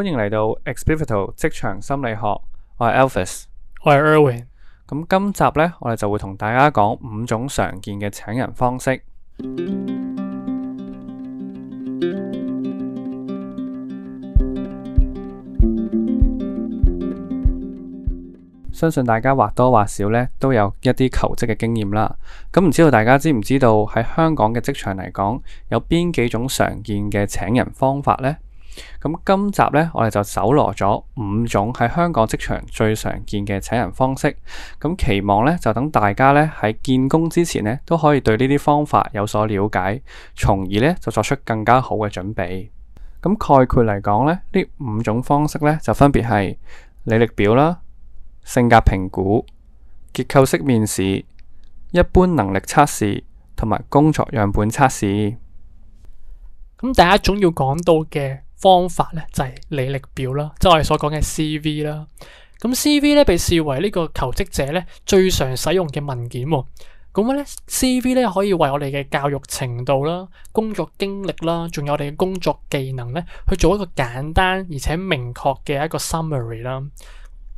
歡迎嚟到 Experfital 職場心理學，我係 Alfis，我係 Irwin。咁今集呢，我哋就會同大家講五種常見嘅請人方式。 相信大家或多或少呢都有一啲求職嘅經驗啦。咁唔知道大家知唔知道喺香港嘅職場嚟講，有邊幾種常見嘅請人方法呢？咁今集呢，我哋就搜羅咗五種喺香港職場最常見嘅請人方式。咁期望呢，就等大家呢喺見工之前呢，都可以對呢啲方法有所了解，從而呢就作出更加好嘅準備。咁概括嚟講呢，呢五種方式呢，就分別係履歷表啦、性格評估、結構式面試、一般能力測試同埋工作樣本測試。咁第一種要講到嘅。方法咧就係履歷表啦，即係我哋所講嘅 CV 啦。咁 CV 咧被視為呢個求職者咧最常使用嘅文件。咁咧 CV 咧可以為我哋嘅教育程度啦、工作經歷啦，仲有我哋嘅工作技能咧去做一個簡單而且明確嘅一個 summary 啦。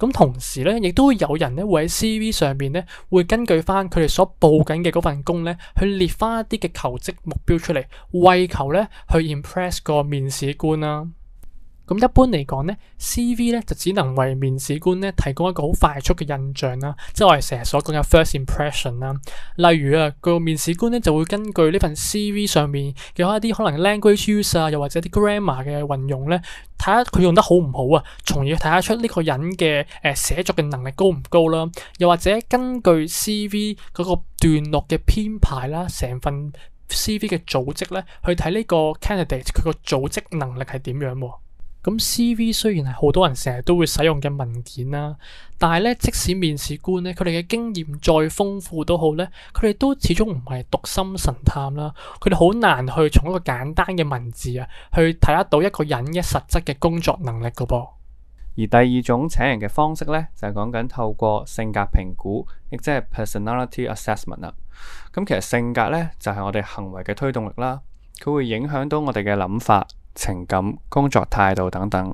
咁同時咧，亦都會有人咧，會喺 CV 上邊咧，會根據返佢哋所報緊嘅嗰份工咧，去列返一啲嘅求職目標出嚟，為求咧去 impress 個面試官啦。咁一般嚟講咧，CV 咧就只能為面試官咧提供一個好快速嘅印象啦、啊，即係我哋成日所講嘅 first impression 啦、啊。例如啊，個面試官咧就會根據呢份 CV 上面嘅一啲可能 language use 啊，又或者啲 grammar 嘅運用咧，睇下佢用得好唔好啊，從而睇得出呢個人嘅誒、呃、寫作嘅能力高唔高啦、啊。又或者根據 CV 嗰個段落嘅編排啦、啊，成份 CV 嘅組織咧，去睇呢個 candidate 佢個組織能力係點樣喎、啊。咁 CV 雖然係好多人成日都會使用嘅文件啦，但係咧，即使面試官咧，佢哋嘅經驗再豐富都好咧，佢哋都始終唔係讀心神探啦，佢哋好難去從一個簡單嘅文字啊，去睇得到一個人嘅實質嘅工作能力噶噃。而第二種請人嘅方式咧，就係講緊透過性格評估，亦即係 personality assessment 啦。咁其實性格咧，就係我哋行為嘅推動力啦，佢會影響到我哋嘅諗法。情感、工作態度等等，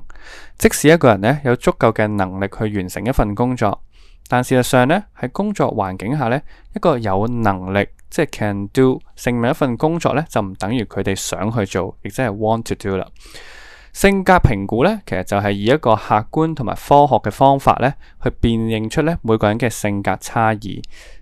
即使一個人咧有足夠嘅能力去完成一份工作，但事實上咧，喺工作環境下咧，一個有能力即係 can do 勝任一份工作咧，就唔等於佢哋想去做，亦即係 want to do 啦。性格評估咧，其實就係以一個客觀同埋科學嘅方法咧，去辨認出咧每個人嘅性格差異。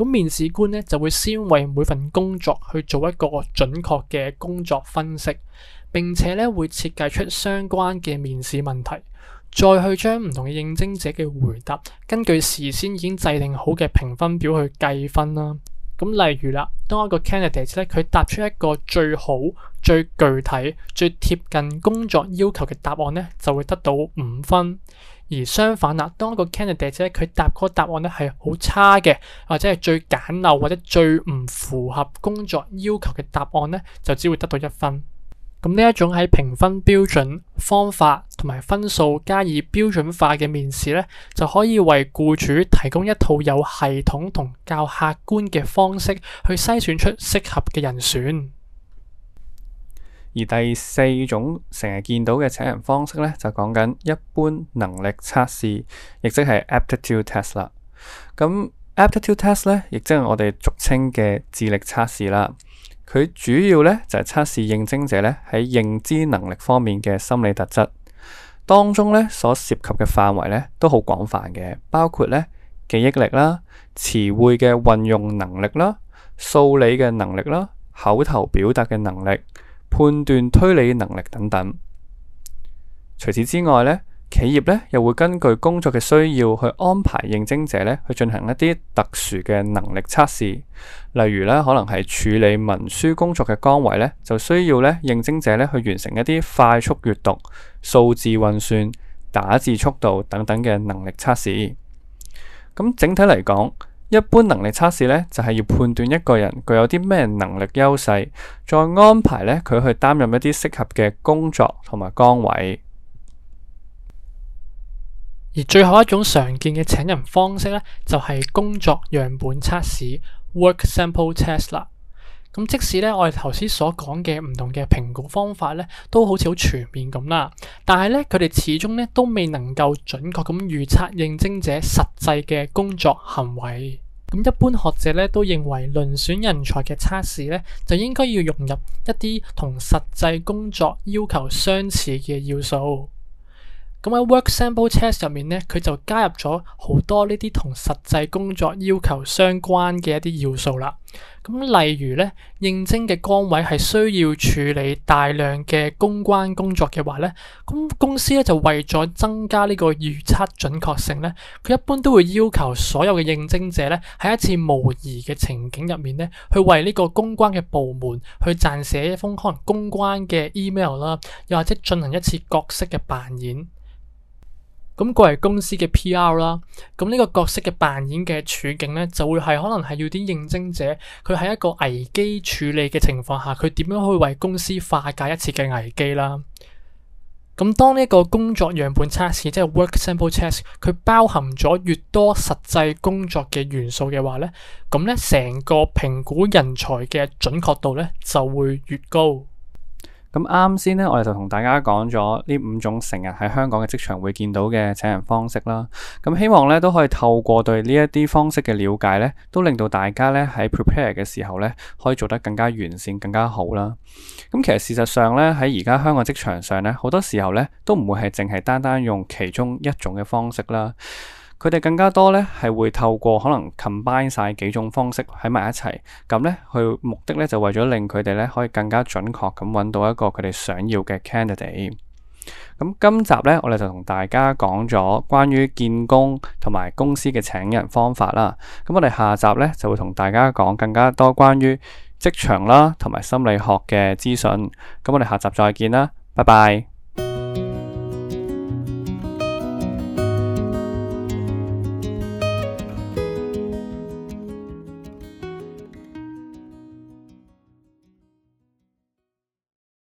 咁面試官咧就會先為每份工作去做一個準確嘅工作分析，並且咧會設計出相關嘅面試問題，再去將唔同嘅應徵者嘅回答根據事先已經制定好嘅評分表去計分啦。咁例如啦，當一個 candidate 咧佢答出一個最好、最具體、最貼近工作要求嘅答案咧，就會得到五分。而相反啦，當個 candidate 佢答嗰個答案咧係好差嘅，或者係最簡陋，或者最唔符合工作要求嘅答案咧，就只會得到一分。咁呢一種喺評分標準方法同埋分數加以標準化嘅面試咧，就可以為僱主提供一套有系統同較客觀嘅方式去篩選出適合嘅人選。而第四種成日見到嘅請人方式咧，就講緊一般能力測試，亦即係 aptitude test 啦。咁 aptitude test 咧，亦即係我哋俗稱嘅智力測試啦。佢主要咧就係測試應徵者咧喺認知能力方面嘅心理特質，當中咧所涉及嘅範圍咧都好廣泛嘅，包括咧記憶力啦、詞彙嘅運用能力啦、數理嘅能力啦、口頭表達嘅能力。判斷、推理能力等等。除此之外呢，企業呢又會根據工作嘅需要去安排應徵者呢去進行一啲特殊嘅能力測試，例如呢，可能係處理文書工作嘅崗位呢，就需要呢應徵者呢去完成一啲快速閱讀、數字運算、打字速度等等嘅能力測試。咁、嗯、整體嚟講，一般能力測試呢，就係要判斷一個人具有啲咩能力優勢，再安排呢佢去擔任一啲適合嘅工作同埋崗位。而最後一種常見嘅請人方式呢，就係工作樣本測試 （work sample test）。咁即使咧，我哋頭先所講嘅唔同嘅評估方法咧，都好似好全面咁啦。但係咧，佢哋始終咧都未能夠準確咁預測應徵者實際嘅工作行為。咁一般學者咧都認為，遴選人才嘅測試咧，就應該要融入一啲同實際工作要求相似嘅要素。咁喺 work sample test 入面咧，佢就加入咗好多呢啲同實際工作要求相關嘅一啲要素啦。咁例如咧，應徵嘅崗位係需要處理大量嘅公關工作嘅話咧，咁公司咧就為咗增加呢個預測準確性咧，佢一般都會要求所有嘅應徵者咧喺一次模擬嘅情景入面咧，去為呢個公關嘅部門去撰寫一封可能公關嘅 email 啦，又或者進行一次角色嘅扮演。咁作為公司嘅 PR 啦，咁呢個角色嘅扮演嘅處境咧，就會係可能係要啲應徵者佢喺一個危機處理嘅情況下，佢點樣去為公司化解一次嘅危機啦。咁、嗯、當呢一個工作樣本測試即係 work sample test 佢包含咗越多實際工作嘅元素嘅話咧，咁咧成個評估人才嘅準確度咧就會越高。咁啱先咧，我哋就同大家講咗呢五種成日喺香港嘅職場會見到嘅請人方式啦。咁希望咧都可以透過對呢一啲方式嘅了解咧，都令到大家咧喺 prepare 嘅時候咧，可以做得更加完善，更加好啦。咁其實事實上咧，喺而家香港職場上咧，好多時候咧都唔會係淨係單單用其中一種嘅方式啦。佢哋更加多呢，係會透過可能 combine 晒幾種方式喺埋一齊，咁呢，去目的呢，就為咗令佢哋呢，可以更加準確咁揾到一個佢哋想要嘅 candidate。咁、嗯、今集呢，我哋就同大家講咗關於見工同埋公司嘅請人方法啦。咁、嗯、我哋下集呢，就會同大家講更加多關於職場啦同埋心理學嘅資訊。咁、嗯、我哋下集再見啦，拜拜。